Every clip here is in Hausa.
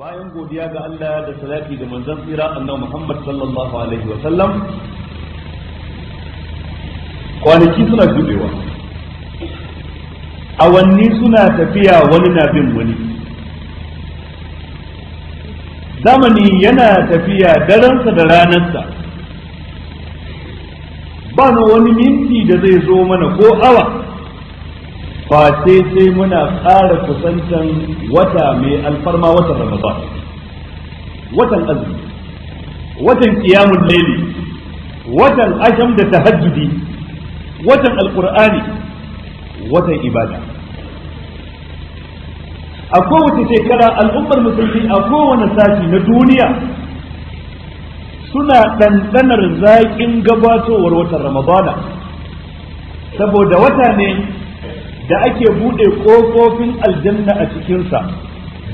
bayan godiya ga Allah da salati da manzon tsira annabi Muhammad sallallahu alaihi wa sallam kwanaki suna jubewa awanni suna tafiya wani na bin wani zamani yana tafiya daransa da ranarsa ba na wani minti da zai zo mana ko awa face sai muna ƙara kusantan wata mai alfarma watan ramadan watan azumi watan qiyamul layli watan asham da tahajjudi watan alqur'ani watan ibada a kowace shekara al'ummar musulmi a kowane sashi na duniya suna ɗanɗanar zaƙin gabatowar watan ramadana saboda wata ne da ake buɗe kofofin aljanna a cikinsa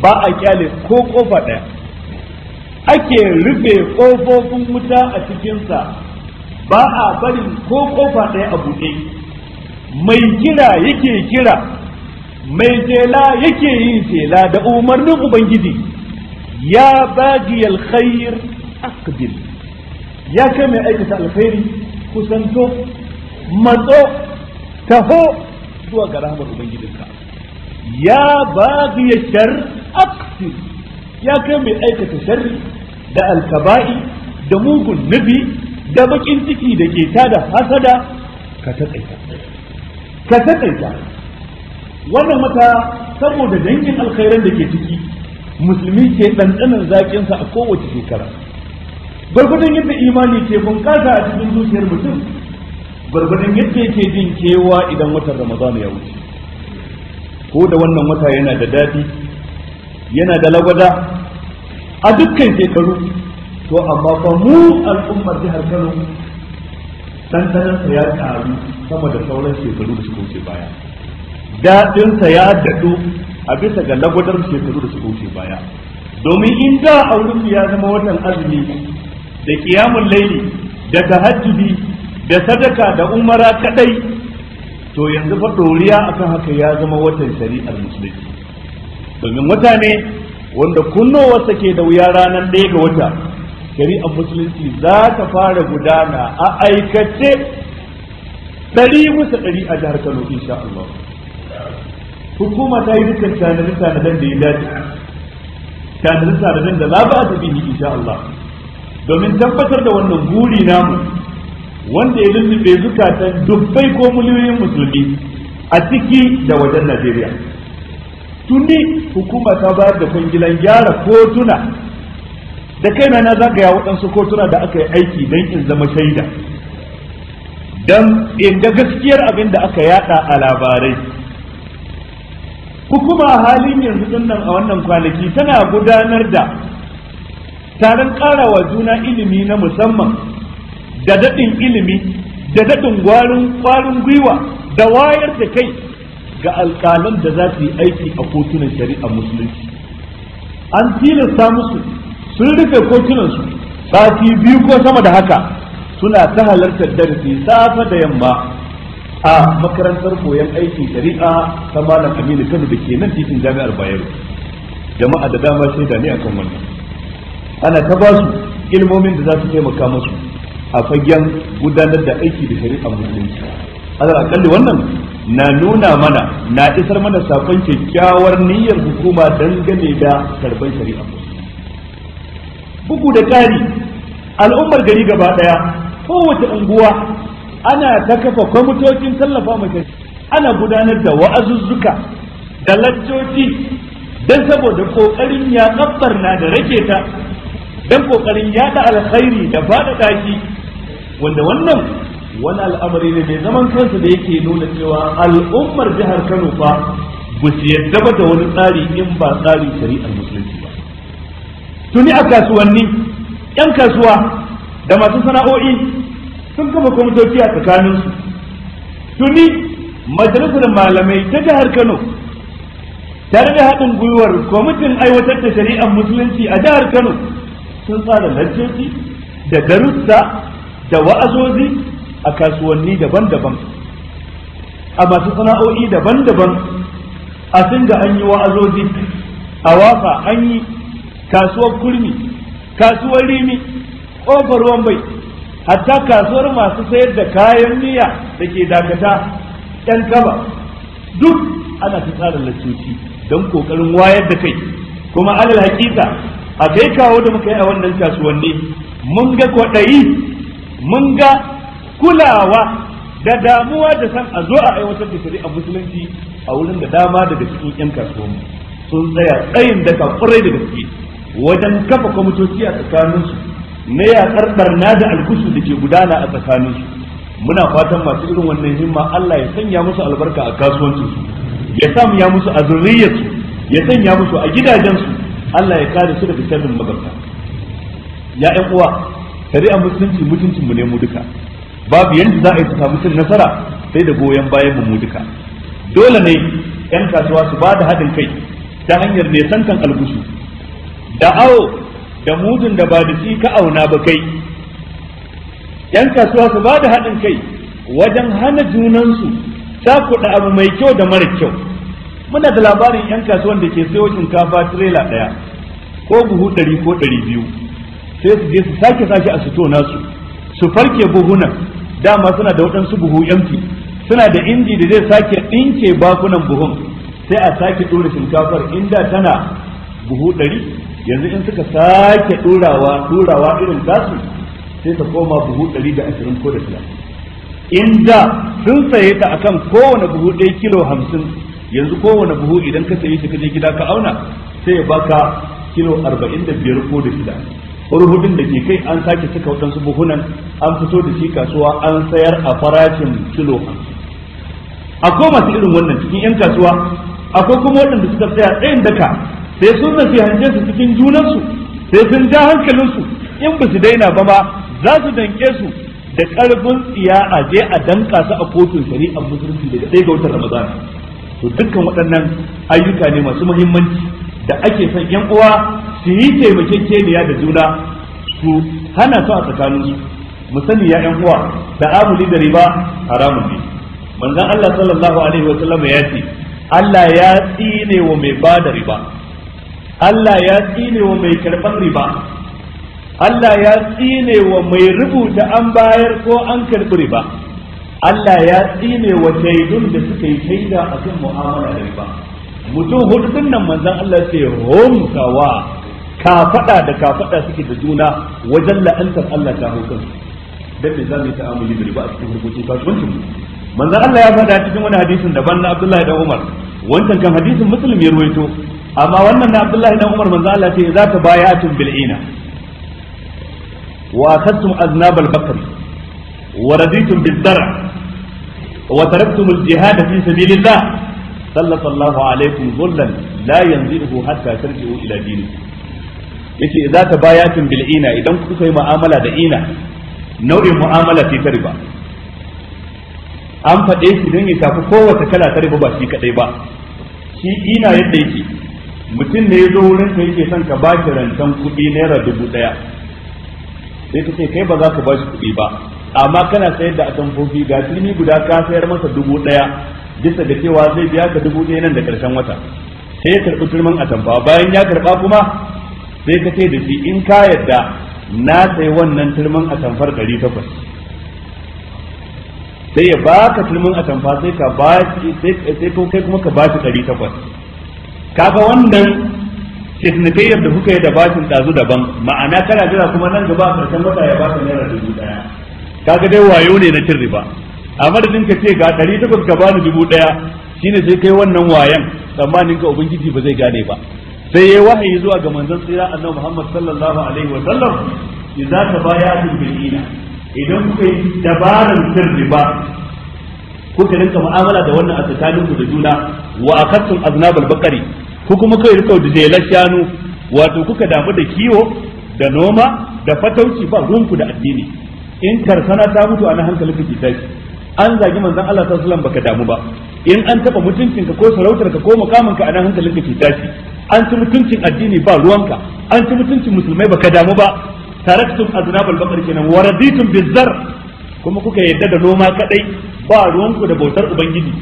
ba a kyale ko ƙofa ɗaya ake rufe kofofin wuta a cikinsa ba a barin ko ƙofa ɗaya a buɗe mai kira yake kira mai tela yake yin tela da umarnin ubangiji ya baji alkhair aqbil ya kai mai aikata alkhairi kusanto matso taho zuwa ga rahmar ubangijinka ya ya shar akti ya kai mai aikata sharri da alkaba'i da mugun nabi da bakin ciki da ke da hasada ka taƙaita ka taƙaita wannan mata saboda dangin alkhairan da ke ciki musulmi ke ɗanɗanan zaƙinsa a kowace shekara gwargwadon yadda imani ke bunƙasa a cikin zuciyar mutum gwargwadon yadda yake jin kewa idan watan ramadan ya wuce ko da wannan wata yana da daɗi yana da lagwada a dukkan shekaru to amma fa mu al'ummar jihar kano tantanarsa ya taru sama da sauran shekaru da suka wuce baya daɗinsa ya daɗo a bisa ga lagwadar shekaru da suka wuce baya domin in da a ya zama watan azumi da kiyamun laili da tahajjudi da sadaka da umara kadai to yanzu fa doriya akan haka ya zama watan shari'ar musulunci domin mutane wanda wanda kunnowarsa ke da wuya ranar ɗaya ga wata shari'ar musulunci za ta fara gudana a aikace ɗari musa ɗari a jihar kano insha Allah hukuma ta yi dukkan tanadin tanadin da ya dace tanadin tanadin da za ba ta bihi insha Allah domin tabbatar da wannan guri namu wanda ya lullube zukatan dubbai ko miliyoyin musulmi a ciki da wajen Najeriya tuni hukuma ta bayar da kwangilan gyara kotuna da kaina na zagaya waɗansu kotuna da aka yi aiki don in zama shaida don in ga gaskiyar abin da aka yada a labarai hukuma halin yanzu dinnan a wannan kwanaki tana gudanar da taron karawa juna ilimi na musamman da daɗin ilimi da daɗin kwarin gwiwa da wayar da kai ga alƙalan da za su yi aiki a kotunan shari'a musulunci an tilasta musu sun rufe kotunansu sati biyu ko sama da haka suna ta halartar darasi safe da yamma a makarantar koyon aikin shari'a ta malam aminu kano da ke nan titin jami'ar bayero jama'a da dama shaida ne akan wannan ana ta ba su ilmomin da za su taimaka musu a fagen gudanar da aiki da shari'a musulunci alal akalli wannan na nuna mana na isar mana sakon kyakkyawar niyyar hukuma dangane da karban shari'a bugu da ƙari al'ummar gari gaba ɗaya kowace unguwa ana ta kafa kwamitocin tallafa mace ana gudanar da wa'azuzzuka da laccoci don saboda ƙoƙarin ya na da rake ta don ƙoƙarin yaɗa alkhairi da faɗaɗa shi wanda wannan wani al'amari ne mai zaman kansa da yake nuna cewa al'ummar jihar Kano fa ba su yadda ba da wani tsari in ba tsarin shari'ar musulunci ba tuni a kasuwanni yan kasuwa da masu sana'o'i sun kafa kwamitoci a tsakaninsu tuni majalisar malamai ta jihar Kano tare da haɗin gwiwar kwamitin aiwatar da shari'ar musulunci a jihar Kano sun tsara lantarki da darussa da wa'azozi a kasuwanni daban-daban a masu sana'o'i daban-daban a ga an yi wa'azozi a wafa an yi kasuwar kurmi kasuwar rimi ƙofar wambai, bai hatta kasuwar masu sayar da kayan miya da ke dakata ƴan kaba duk ana ta tsara lantarki don ƙoƙarin wayar da kai kuma alal hakika a kai kawo da muka yi a wannan kasuwanni mun ga kwaɗayi mun ga kulawa da damuwa da san a zo a aiwatar da shari'a musulunci a wurin da dama daga cikin yan kasuwan sun tsaya tsayin da kafurai da gaske wajen kafa kwamitoci a tsakaninsu na yakar barna da alkusu da ke gudana a tsakaninsu muna fatan masu irin wannan himma Allah ya sanya musu albarka a su ya sanya musu a ya sanya musu a gidajensu Allah ya kare su daga sharrin magabta ya ƴan uwa shari'a musulunci mutuncin mu ne mu duka babu yanda za a yi su samu cin nasara sai da goyon bayan mu duka dole ne yan kasuwa su bada da haɗin kai ta hanyar nesantan algusu da awo da mudun da ba da shi ka auna ba kai yan kasuwa su bada da haɗin kai wajen hana junansu kuɗa abu mai kyau da mara kyau muna da labarin yan kasuwan da ke sayo shinkafa tirela ɗaya ko buhu ɗari ko ɗari biyu sai su je su sake sake a sito nasu su farke buhunan dama suna da waɗansu buhu yanki suna da inji da zai sake ɗinke bakunan buhun sai a sake ɗora shinkafar inda tana buhu ɗari yanzu in suka sake ɗorawa ɗorawa irin tasu sai ta koma buhu ɗari da ashirin ko da inda sun saye ta akan kowane buhu ɗaya kilo hamsin yanzu kowane buhu idan ka saye shi ka je gida ka auna sai ya baka kilo arba'in da biyar ko da shida hudun da ke kai an sake cika waɗansu buhunan an fito da shi kasuwa an sayar a farashin kilo akwai masu irin wannan cikin 'yan kasuwa akwai kuma waɗanda suka tsaya tsayin daka sai sun nasi hanje su cikin junansu sai sun ja hankalinsu in ba su daina ba ma za su danke su da ƙarfin tsiya a je a danka su a kotun shari'a musulunci daga ɗaya ga watan ramadana to dukkan waɗannan ayyuka ne masu muhimmanci da ake son yan uwa su yi taimakekeniya da juna su hana su a tsakaninsu mu sani ya yan uwa da amuli da riba haramun ne manzon Allah sallallahu alaihi wa sallam ya ce Allah ya tsine wa mai ba da riba Allah ya tsine wa mai karban riba Allah ya tsine wa mai rubuta an bayar ko an karbi riba Allah ya tsine wa shaidun da suka yi shaida a kan mu'amala da riba mutum hudu din nan manzan Allah ce hum sawa ka fada da ka fada suke da juna wajen la'antar Allah ta hukun dan me zamu ta amuli bi ba a cikin hukunci kasuwancin mu Allah ya fada cikin wani hadisin daban na Abdullahi dan Umar wancan kan hadisin Muslim ya ruwaito amma wannan na Abdullahi dan Umar manzan Allah ce za ta bayatun bil ina wa akhadtum aznab al bakr wa raditum bid dar' وتركتم الجهاد في سبيل الله sallata Allahu alaikum zullan la yanzihu hatta tarji'u ila dinikum yace idza tabayatun bil ina idan kuka kai mu'amala da ina nau'in mu'amala ce ta riba an faɗe shi don ya tafi kowace kala ta riba ba shi kadai ba shi ina yadda yake mutum ne ya zo wurin ka yake son ka ba shi rancen kuɗi naira dubu ɗaya sai ka ce kai ba za ka ba shi kuɗi ba amma kana sayar da atamfofi ga turmi guda ka sayar masa dubu ɗaya bisa da cewa zai biya ka dubu ɗaya nan da ƙarshen wata sai ya karɓi turmin atamfa bayan ya karɓa kuma sai ka ce da shi in ka yadda na sai wannan turmin tamfar ɗari takwas sai ya baka turmin tamfa sai ka ba sai ko kai kuma ka ba shi ɗari takwas kaga wannan isnitayyar da kuka yi da bashin ɗazu daban ma'ana kana jira kuma nan gaba a ƙarshen wata ya ba ka naira dubu ɗaya kaga dai wayo ne na cin riba a madadin ka ce ga ɗari takwas ka bani dubu ɗaya shine sai kai wannan wayan tsammanin ka ubangiji ba zai gane ba sai yayi wahayi zuwa ga manzon tsira annabi Muhammad sallallahu alaihi wa sallam idza tabayatum bil ina idan kuka yi dabaran sirri ba kuka rinka mu'amala da wannan a tsakaninku da juna wa akattum aznabal bakari ku kuma kai rikau da jelar shanu wato kuka damu da kiwo da noma da fatauci ba ruwanku da addini in karsana ta mutu a na hankali kake tashi an zagi manzon Allah sallallahu alaihi baka damu ba in an taba mutuncinka ko sarautar ka ko ka a nan ka ke tashi an ci mutuncin addini ba ruwanka an ci mutuncin musulmai baka damu ba taraktum aznabal bakar baqar kenan waraditum bizar kuma kuka yadda da noma kadai ba ruwanku da bautar ubangiji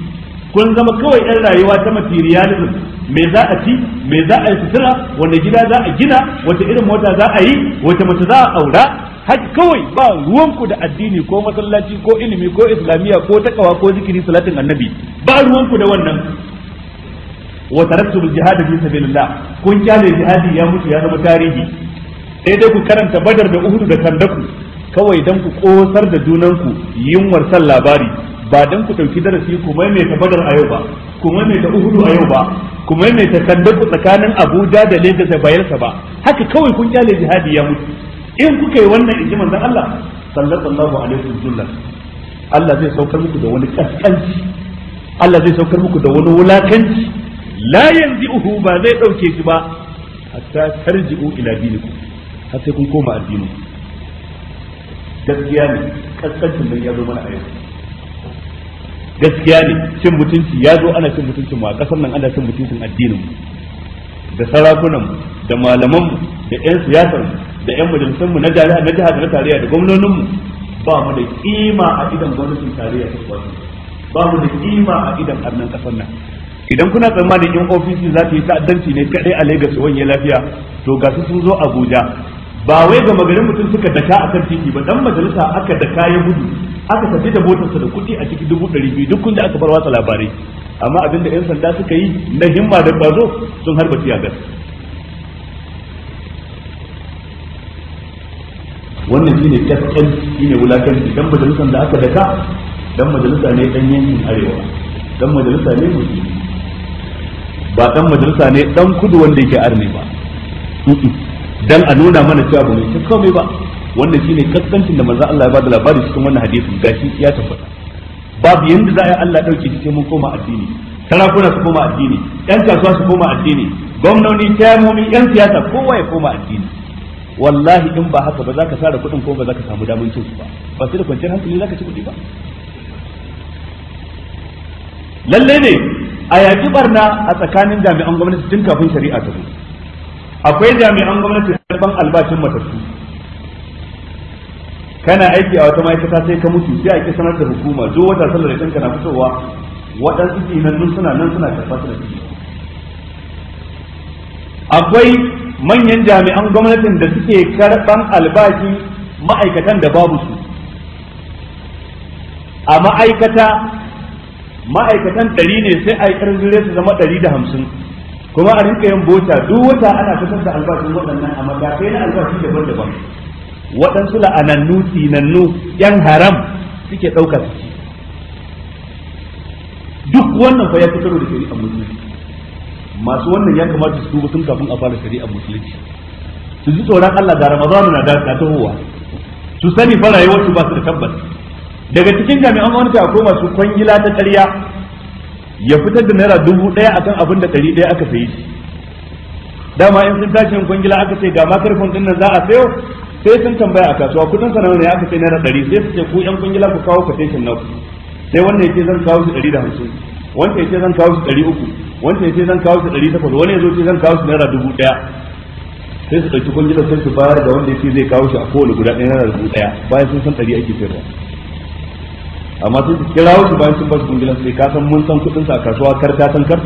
kun zama kawai yan rayuwa ta materialism me za a ci me za a yi sutura wanda gida za a gina wata irin mota za a yi wata mace za a aura har kawai ba ruwanku da addini ko masallaci ko ilimi ko islamiyya ko takawa ko zikiri salatin annabi ba ruwanku da wannan wa jihada jihad fi sabilillah kun kyale jihadi ya mutu ya zama tarihi sai dai ku karanta badar da uhudu da kandaku kawai dan ku kosar da junanku yunwar san labari ba dan ku dauki darasi ku maimaita badar a yau ba ku maimaita uhudu a yau ba ku maimaita kandaku tsakanin abuja da lagos da bayelsa ba haka kawai kun kyale jihadi ya mutu in kuka yi wannan in ji manzon Allah sallallahu alaihi wasallam Allah zai saukar muku da wani kaskanci Allah zai saukar muku da wani wulakanci la uhu ba zai dauke shi ba hatta tarji'u ila dinikum har sai kun koma addinin gaskiya ne kaskancin nan ya zo mana a yau gaskiya ne cin mutunci ya zo ana cin mutuncin mu a kasar nan ana cin mutuncin addinin mu da sarakunan mu da malaman mu da yan siyasar mu da yan majalisun mu na jihar na jihar na tarayya da gwamnonin mu ba mu da kima a idan gwamnatin tarayya ta kwato ba mu da kima a idan annan kasar nan idan kuna tsammanin yan ofisi za ta yi ta'addanci ne kadai a Lagos wani lafiya to ga su sun zo Abuja ba wai ga magarin mutum suka daka akan titi ba dan majalisa aka daka ya gudu aka tafi da motarsa da kuɗi a cikin dubu ɗari biyu duk da aka bar wasa labarai amma abin da 'yan sanda suka yi na himma da ƙwazo sun harba tiyagar wannan shine tafkan shine wulakan dan majalisan da aka daka dan majalisa ne dan yankin arewa dan majalisa ne musulmi ba dan majalisa ne dan kudu wanda yake arne ba dan a nuna mana cewa ba mai komai ba wannan shine kaskancin da manzo Allah ya bada labari cikin wannan hadisi gashi ya tabbata babu yanda za a yi Allah dauke cikin mun koma addini sarakuna su koma addini yan kasuwa su koma addini gwamnoni tayamomi yan siyasa kowa ya koma addini wallahi in ba haka ba za ka da kuɗin ko ba za ka samu damar cin su ba ba sai da kwanciyar hankali za ka ci kuɗi ba lalle ne a yaƙi barna a tsakanin jami'an gwamnati tun kafin shari'a ta zo akwai jami'an gwamnati karɓan albashin matattu kana aiki a wata ma'aikata sai ka mutu sai a ki sanar da hukuma zo wata sallar da kanka na fitowa waɗansu nan suna nan suna karɓa su da akwai manyan jami'an gwamnatin da suke karɓan albashi ma'aikatan da babu su a ma'aikata ma'aikatan ɗari ne sai a yi su zama ɗari da hamsin kuma a rinka yin bota duk wata ana fitar da albashin waɗannan a matakai na albashi daban-daban waɗansu la'anannu tinannu yan haram suke ɗauka su duk wannan fa ya fitar da a musulunci masu wannan ya kamata su tuba sun kafin a fara shari'a musulunci su ji tsoron Allah da Ramadan na da tahowa su sani fara yi wasu ba da tabbas daga cikin jami'an gwamnati akwai masu kwangila ta ƙarya ya fitar da naira dubu ɗaya akan abin da ɗari ɗaya aka sayi dama in sun tashi kwangila aka ce ga karfin ɗin nan za a sayo sai sun tambaya a kasuwa kudin sana'a ne aka sai naira ɗari sai su ce ku yan kwangila ku kawo quotation naku sai wannan ce zan kawo su ɗari da hamsin wanda ya ce zan kawo su ɗari uku wanda ya ce zan kawo su ɗari takwas wani ya zo ce zan kawo su naira dubu ɗaya sai su ɗauki kwangilar sai su bayar da wanda ya ce zai kawo shi a kowane guda ɗaya naira dubu ɗaya bayan sun san ɗari ake sayarwa amma sai su kira su bayan sun ba su kwangilar sai ka san mun san kuɗinsa a kasuwa kar ta san kar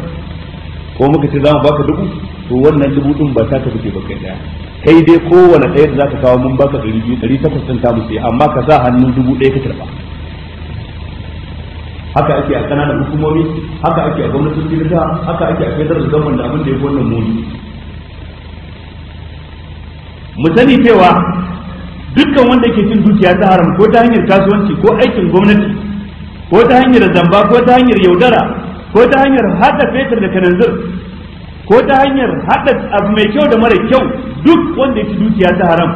ko muka ce za mu baka dubu to wannan dubu ɗin ba ta ka fice ba kai ɗaya kai dai kowane ɗaya da ka kawo mun baka ɗari biyu ɗari takwas ɗin ta musu amma ka sa hannun dubu ɗaya ka karɓa haka ake a kananan hukumomi haka ake a gwamnatin jirga haka ake a da zaman da abin da ya wannan muni mu sani cewa dukkan wanda ke cin dukiya ta haram ko ta hanyar kasuwanci ko aikin gwamnati ko ta hanyar zamba ko ta hanyar yaudara ko ta hanyar hada fetur da kananzir ko ta hanyar hada abu mai kyau da mara kyau duk wanda ya ci dukiya ta haram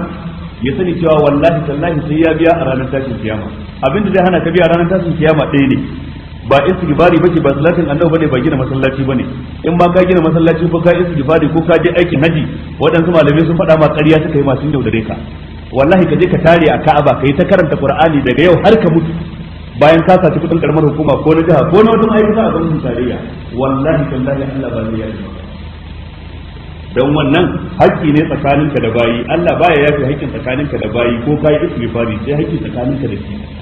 ya sani cewa wallahi tallahi sai ya biya a ranar tashin kiyama abinda zai hana ka biya a ranar tashin kiyama ɗaya ne ba istighfari bace ba salatin annabi bane ba gina masallaci bane in ba ka gina masallaci ko ka istighfari ko ka je aikin haji waɗansu malamai sun faɗa ma ƙarya suka yi masu yaudare ka wallahi ka je ka tare a Ka'aba ka yi ta karanta Qur'ani daga yau har ka mutu bayan ka saci kudin karamar hukuma ko na jiha ko na wajen ayyuka a gwamnatin tarayya wallahi tallahi Allah ba zai yaji don wannan haƙƙi ne tsakaninka da bayi Allah baya yafi haƙƙin tsakaninka da bayi ko kai istighfari sai haƙƙin tsakaninka da shi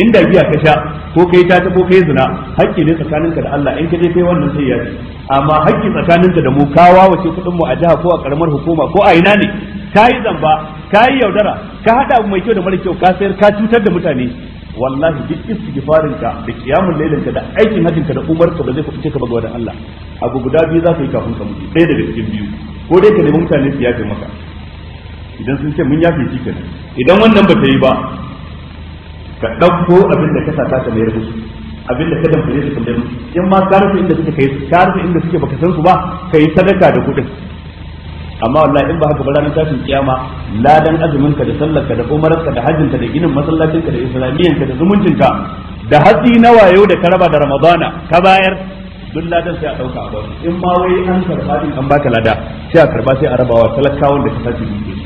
inda biya ka sha ko kai ta ta ko kai zina hakki ne tsakaninka da Allah in ka je kai wannan sai ya ci amma hakki tsakaninka da mu ka wawace kudin mu a jiha ko a karamar hukuma ko a ina ne kai zamba kai yaudara ka hada abu mai kyau da mara kyau ka sayar ka cutar da mutane wallahi duk ka, da kiyamul ka, da aikin ka da ka, ba zai ku fice ka ba ga Allah abu guda biyu za ka yi kafin ka mutu ɗaya daga cikin biyu ko dai ka nemi mutane su yafe maka idan sun ce mun yafe shi kenan idan wannan ba ta yi ba ka ɗauko abin da ka sata ka mayar abin da ka damfare su kamar in ma ka inda suke kai ka rufe inda suke baka san su ba ka yi sadaka da kuɗin amma wallahi in ba haka ba ranar tashin kiyama ladan azumin ka da sallar ka da umarar ka da hajjin ka da ginin masallacin ka da islamiyyan ka da zumuncin ka da hatsi na wayo da karaba da ramadana ka bayar duk ladan sai a dauka a in ma wai an karba din an baka lada sai a karba sai a rabawa talakawan da ka sace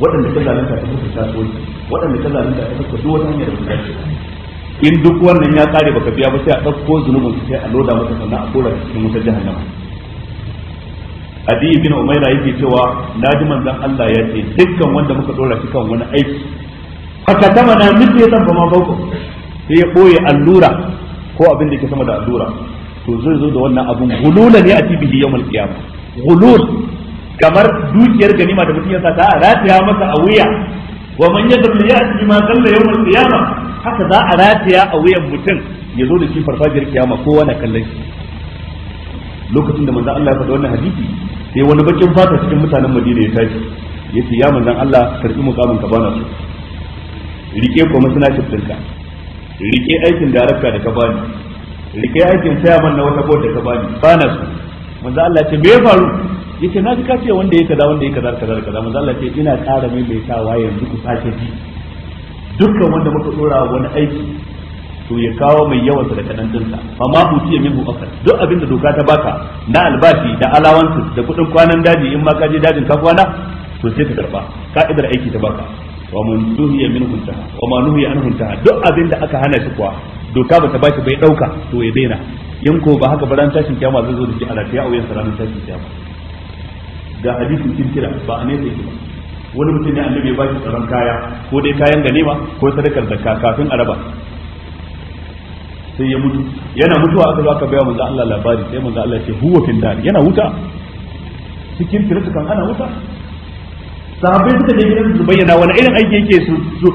waɗanda ta zalunta ta fuskar kasuwanci waɗanda ta zalunta ta fuskar duk wata hanyar da ta in duk wannan ya kare baka biya ba sai a ɗauko zunubin su sai a loda masa sannan a kora cikin wutar jahannama adi ibn umaira yake cewa naji manzon Allah ya ce dukkan wanda muka dora shi kan wani aiki haka tama na miji ya tabbama ma bauko sai ya boye allura ko abin da ke sama da allura to zai zo da wannan abun gulula ne a tibihi yawmal qiyamah gulul kamar dukiyar ganima da mutum ya sa a rataya masa a wuya wa man yadri ya'ti ma qalla yawm al-qiyamah haka za a rataya a wuyan mutum ya zo da shi farfajiyar kiyama kowa na kallon shi lokacin da manzo Allah ya faɗa wannan hadisi sai wani bakin fata cikin mutanen Madina ya tashi yace ya manzo Allah karbi mukamin ka bana su rike commissionership ɗinka rike aikin darakta da ka bani rike aikin chairman na wata bota da ka bani bana su manzo Allah ya ce me ya faru yace na ji ce wanda ya kaza wanda ya kaza kaza kaza manzo Allah ce ina ƙara mai mai tawa yanzu ku sake ji dukkan wanda muka dora wani aiki to ya kawo mai yawan sa da kadan dinsa fa ma huti ya mihu akal duk abin da doka ta baka na albashi da alawansu da kudin kwanan daji in ma ka je dajin ka kwana to sai ka karba ka'idar aiki ta baka wa man nuhiya minhu taha wa ma nuhiya anhu ta. duk abin da aka hana shi kuwa doka ta bashi bai dauka to ya daina in ko ba haka ba ran tashin kiyama zai zo da ji a lafiya a wayan ranar tashin kiyama ga hadisin kirkira ba a nesa yake ba wani mutum ne annabi ya baki tsaron kaya ko dai kayan ganima ko sadakar zakka kafin araba sai ya mutu yana mutuwa aka zo aka bayawa manzo Allah labari sai manzo Allah ya ce huwa fil dar yana wuta cikin kirkira kan ana wuta sahabbai suka je gidan su bayyana wani irin aiki yake su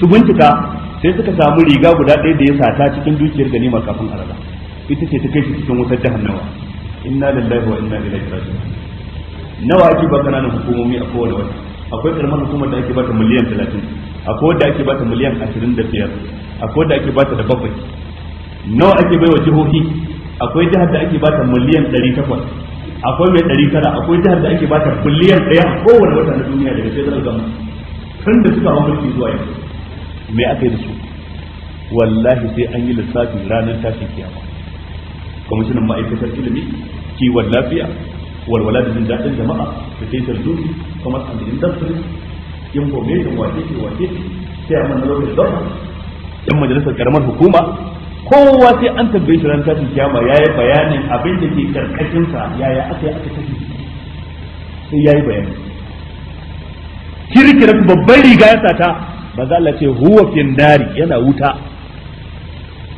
su bincika sai suka samu riga guda ɗaya da ya sata cikin dukiyar ganima kafin araba ita ce ta kai shi cikin wutar jahannama inna lillahi wa inna ilaihi raji'un nawa ake ba kananan hukumomi a kowane wata akwai karamar hukumar da ake bata miliyan 30 akwai wadda ake bata miliyan 25 akwai wadda ake bata da bakwai nawa ake baiwa jihohi akwai jihar da ake bata miliyan 800 akwai mai 900 akwai jihar da ake bata miliyan 1 a kowane wata na duniya daga federal gama tun da suka mulki zuwa yanzu me aka yi da su wallahi sai an yi lissafi ranar tashin kiyama kwamishinan ma'aikatar ilimi kiwon lafiya walwala da jin daɗin jama'a da taitar zuci kuma an da industry information wace ce wace ce sai a manna lokacin zama yan majalisar karamar hukuma kowa sai an tambaye shi ran tashin kiyama yayi bayanin abin da ke karkashin sa yaya aka yi aka tafi sai yayi bayani kirkira babban riga ya sata ba za a ce huwa dari yana wuta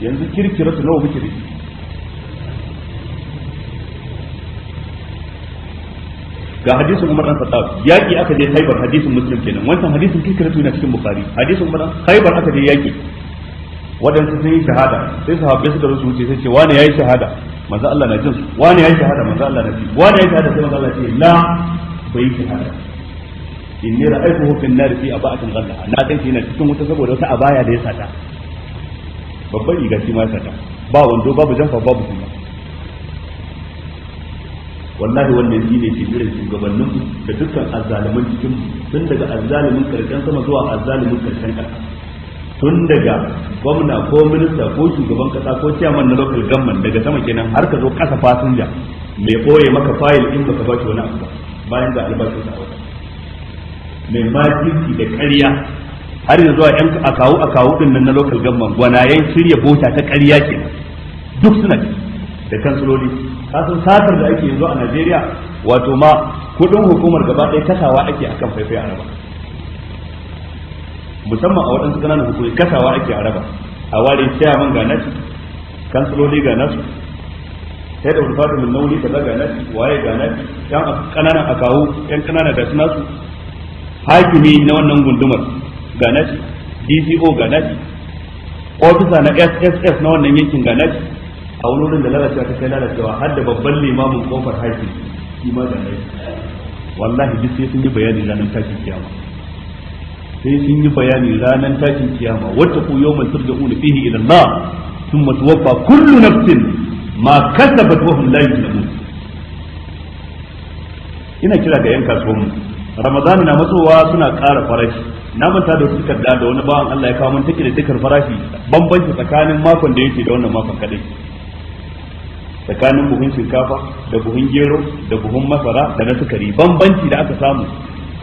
yanzu kirkira su nawa muke da shi ga hadisin Umar dan Khattab yaki aka je Khaibar hadisin Muslim kenan wancan hadisin kike yana cikin Bukhari hadisin Umar Khaibar aka je yaki wadan sun yi shahada sai sahabbai suka rusu wuce sai ce wani yayi shahada manzo Allah na jin wani yayi shahada manzo Allah na ji wani yayi shahada sai manzo Allah ce la bai shahada inni ra'aytuhu fi an-nar fi aba'atin ghalla na kai shi na cikin wuta saboda wata abaya da ya sata babban riga shi ma ya sata ba wando babu jamfa babu kuma wallahi wanda shi ne ke jiran shugabannin da dukkan azzaliman cikin tun daga azzalimin karshen sama zuwa azzalumin karshen ƙasa tun daga gwamna ko minista ko shugaban kasa ko ciyaman na local government daga sama kenan har ka zo ƙasa fasinja mai boye maka fayil in baka ba shi wani abu ba bayan ga albashi ta wata mai majiki da ƙarya har yanzu zuwa yan akawu akawu din na local government gwanayen shirya bota ta ƙarya ke, duk suna da kansuloli kasan satar da ake yanzu a Najeriya wato ma kudin hukumar gaba ɗaya kasawa ake akan faifai a raba musamman a waɗansu ƙananan hukumar kasawa ake a raba a ware chairman ga nasu kansiloli ga nasu sai da wurfatu min nauli kaza ga nasu waye ga nasu yan ƙananan akawu yan ƙananan da nasu hakimi na wannan gundumar ga nasu DCO ga nasu ofisa na SSS na wannan yankin ga nasu a wani wurin da lalacewa ta kai lalacewa har da babban limamin kofar haifi shi ma da rai wallahi duk sai sun yi bayani ranar tashin kiyama sai sun yi bayani ranar tashin kiyama wata ku yau mai turja ulu fihi ila Allah sun matuwafa kullu nafsin ma kasabat wa hum la yuzlamun ina kira ga yan kasuwanmu ramadan na matsowa suna ƙara farashi na manta da suka da wani bawan Allah ya kawo mun take da tikar farashi bambanci tsakanin makon da yake da wannan makon kadai tsakanin buhun shinkafa da buhun gero da buhun masara da na sukari bambanci da aka samu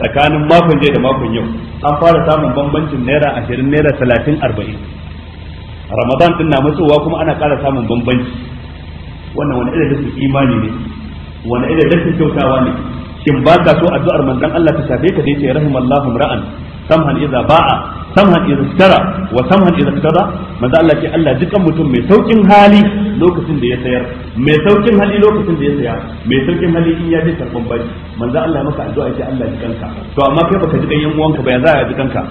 tsakanin makon jai da makon yau an fara samun bambancin naira ashirin naira talatin arba'in ramadan din na matsowa kuma ana ƙara samun bambanci wannan wani irin imani ne wani irin kyautawa ne shin ba ka so addu'ar manzon Allah ta shafe ka dai ce rahimallahu ra'an samhan idza ba'a samhan idza ishtara wa samhan idza iktada manzo Allah ce Allah dukan mutum mai saukin hali lokacin da ya sayar mai saukin hali lokacin da ya saya mai saukin hali in ya je karban bari manzo Allah maka addu'a ce Allah dukan ka to amma kai baka dukan yan uwanka ba ya za ya dukan ka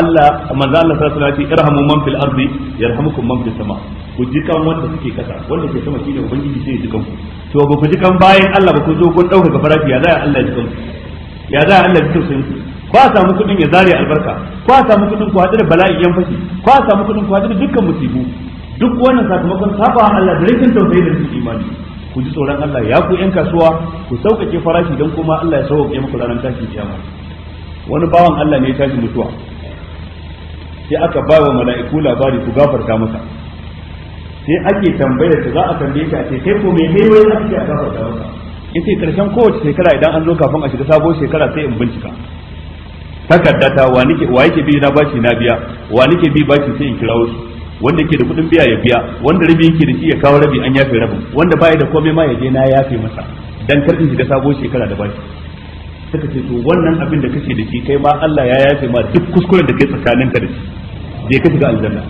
Allah manzo Allah sallallahu alaihi wasallam irhamu man fil ardi yarhamukum man fis sama ku dukan wanda suke kasa wanda ke sama shine ubangiji sai ya dukan ku to ba ku kan bayan Allah ba ku zo kun dauka gafara ya za Allah ya dukan ku ya za Allah ya dukan ku kwa samu kudin ya zare albarka kwa samu kudin ku haɗu da bala'i yan fashi kwa samu kudin ku haɗu da dukkan musibu duk wannan sakamakon saba Allah da rikin tausayi da cikin imani ku ji tsoron Allah ya ku yan kasuwa ku sauƙaƙe farashi don kuma Allah ya sauƙaƙe muku ranar tashin kiyama wani bawan Allah ne ya tashi mutuwa sai aka ba wa mala'iku labari ku gafarta masa sai ake tambayar ta za a tambaye ta ce kai ko me ne wai ake gafarta masa yace karshen kowace shekara idan an zo kafin a shiga sabon shekara sai in bincika takaddata wa nake wa yake bi na bashi na biya wa nake bi bashi sai in kira wasu. wanda yake da kudin biya ya biya wanda rabi yake da shi ya kawo rabi an yafe rabin wanda baya da komai ma ya je na yafe masa dan karfin shiga sabo shekara da bashi suka ce to wannan abin da kake da shi kai ma Allah ya yafe ma duk kuskuren da kai ka da shi je ka shiga aljanna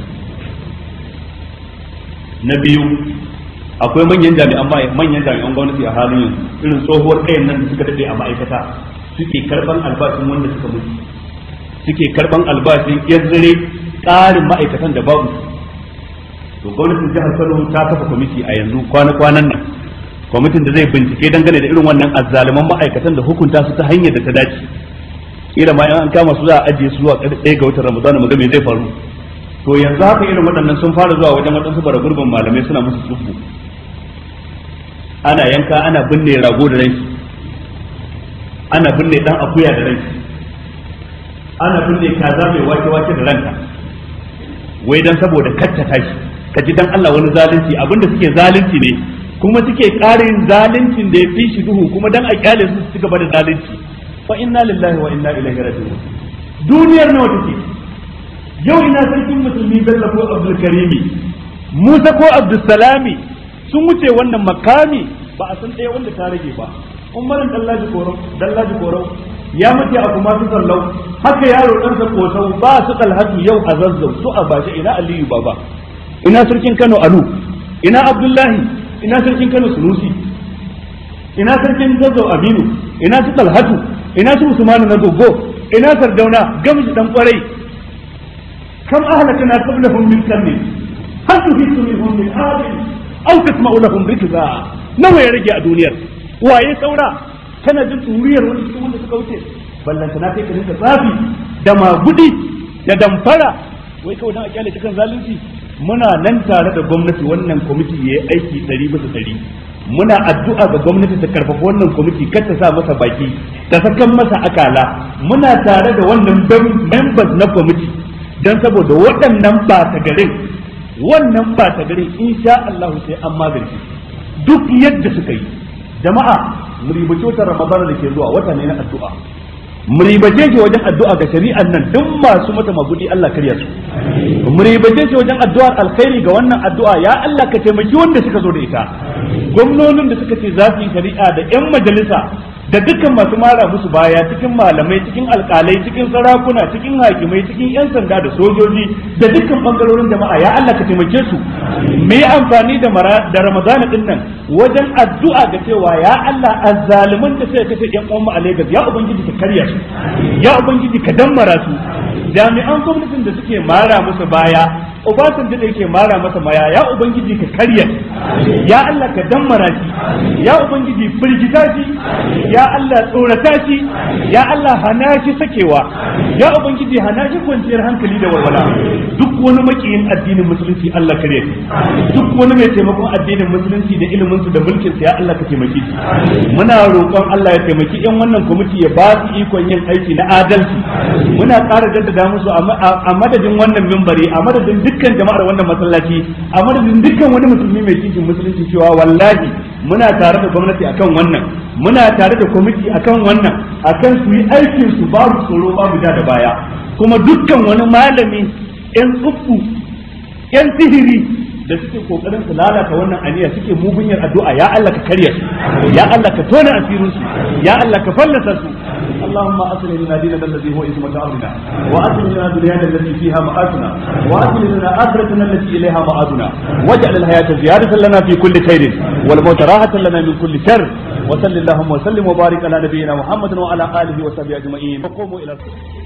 na biyu akwai manyan jami'an manyan jami'an gwamnati a halin yanzu irin tsohuwar kayan nan da suka dade a ma'aikata suke karban albashin wanda suka mutu suke karban albashin yanzare ƙarin ma'aikatan da babu to gwamnatin jihar Kano ta kafa kwamiti a yanzu kwana-kwanan nan kwamitin da zai bincike dangane da irin wannan azzaluman ma'aikatan da hukunta su ta hanyar da ta dace kila ma an kama su za a ajiye su zuwa ɗaya ga watan Ramadan mu ga me zai faru to yanzu haka irin waɗannan sun fara zuwa wajen waɗansu bara gurbin malamai suna musu tsubu ana yanka ana binne rago da ranki ana binne dan akuya da ranki ana binne kaza mai wake wake da ranka wai dan saboda katta tashi ka ji dan Allah wani zalunci abinda suke zalunci ne kuma suke karin zaluncin da ya fi shi duhu kuma dan a kyale su su gaba da zalunci fa inna lillahi wa inna ilaihi raji'un duniyar nawa take yau ina sarkin musulmi bello ko abdul karimi musa ko abdul salami sun wuce wannan makami ba a san ɗaya wanda ta rage ba umarin dallaji korau dallaji korau ya mace a kuma su sallau haka yaro dan sa kosau ba su kalhatu yau a zazzau su a bashi ina aliyu baba ina sarkin kano alu ina abdullahi ina sarkin kano sunusi ina sarkin zazzau aminu ina su kalhatu ina su usmanu na gogo ina sardauna gamshi dan kwarai kam ahlakana qablahum min qarni hal tuhisu minhum min ahadin aw tasma'u lahum rikza nawa ya rage a duniyar waye saura kana jin tsuriyar wani cikin wanda suka wuce na kai ka da tsafi da magudi da damfara wai kawai dan a kyale cikin zalunci muna nan tare da gwamnati wannan kwamiti ya yi aiki dari bisa dari? muna addu'a ga gwamnati ta karfafa wannan kwamiti kar ta sa masa baki ta sakan masa akala muna tare da wannan members na kwamiti don saboda waɗannan ba ta garin wannan ba ta garin insha Allah sai an magance duk yadda suka yi jama'a mu ribace watan ramadana da ke zuwa wata ne na addu'a mu ribace shi wajen addu'a ga shari'an nan duk masu mata magudi Allah karya su mu ribace shi wajen addu'ar alkhairi ga wannan addu'a ya Allah ka taimaki wanda suka zo da ita gwamnonin da suka ce za su yi shari'a da yan majalisa da dukkan masu mara musu baya cikin malamai cikin alkalai cikin sarakuna cikin hakimai cikin yan sanda da sojoji da dukkan bangarorin jama'a ya Allah ka taimake su me amfani da da ramadana din nan wajen addu'a ga cewa ya Allah azzalimin da sai kace yan uwan mu a Lagos ya ubangiji ka karya su ya ubangiji ka dammara su jami'an gwamnatin da suke mara masa baya Obasanjo da yake mara masa maya ya ubangiji ka karya ya Allah ka dammara shi ya ubangiji firgita shi ya Allah tsorata shi ya Allah hana shi sakewa ya ubangiji hana shi kwanciyar hankali da walwala duk wani makiyin addinin musulunci Allah kare duk wani mai taimakon addinin musulunci da ilimin su da mulkin sa ya Allah ka taimake shi muna roƙon Allah ya taimaki yan wannan kwamiti ya ba su ikon yin aiki na adalci muna ƙara jaddada karanta musu a madadin wannan mimbari a madadin dukkan jama'ar wannan masallaci a madadin dukkan wani musulmi mai cikin musulunci cewa wallahi muna tare da gwamnati akan wannan muna tare da kwamiti akan wannan akan su yi aikin su babu tsoro babu da da baya kuma dukkan wani malami yan tsuffu yan sihiri da suke kokarin su lalata wannan aniya suke mugunyar addu'a ya Allah ka karya su ya Allah ka tona asirin su ya Allah ka fallasa su اللهم اصلح لنا ديننا الذي هو عصمة امرنا واصلح لنا دنيانا التي فيها مآتنا واصلح لنا اخرتنا التي اليها مآتنا واجعل الحياة زيادة لنا في كل خير والموت راحة لنا من كل شر وصل اللهم وسلم وبارك على نبينا محمد وعلى اله وصحبه اجمعين وقوموا الى الصلاة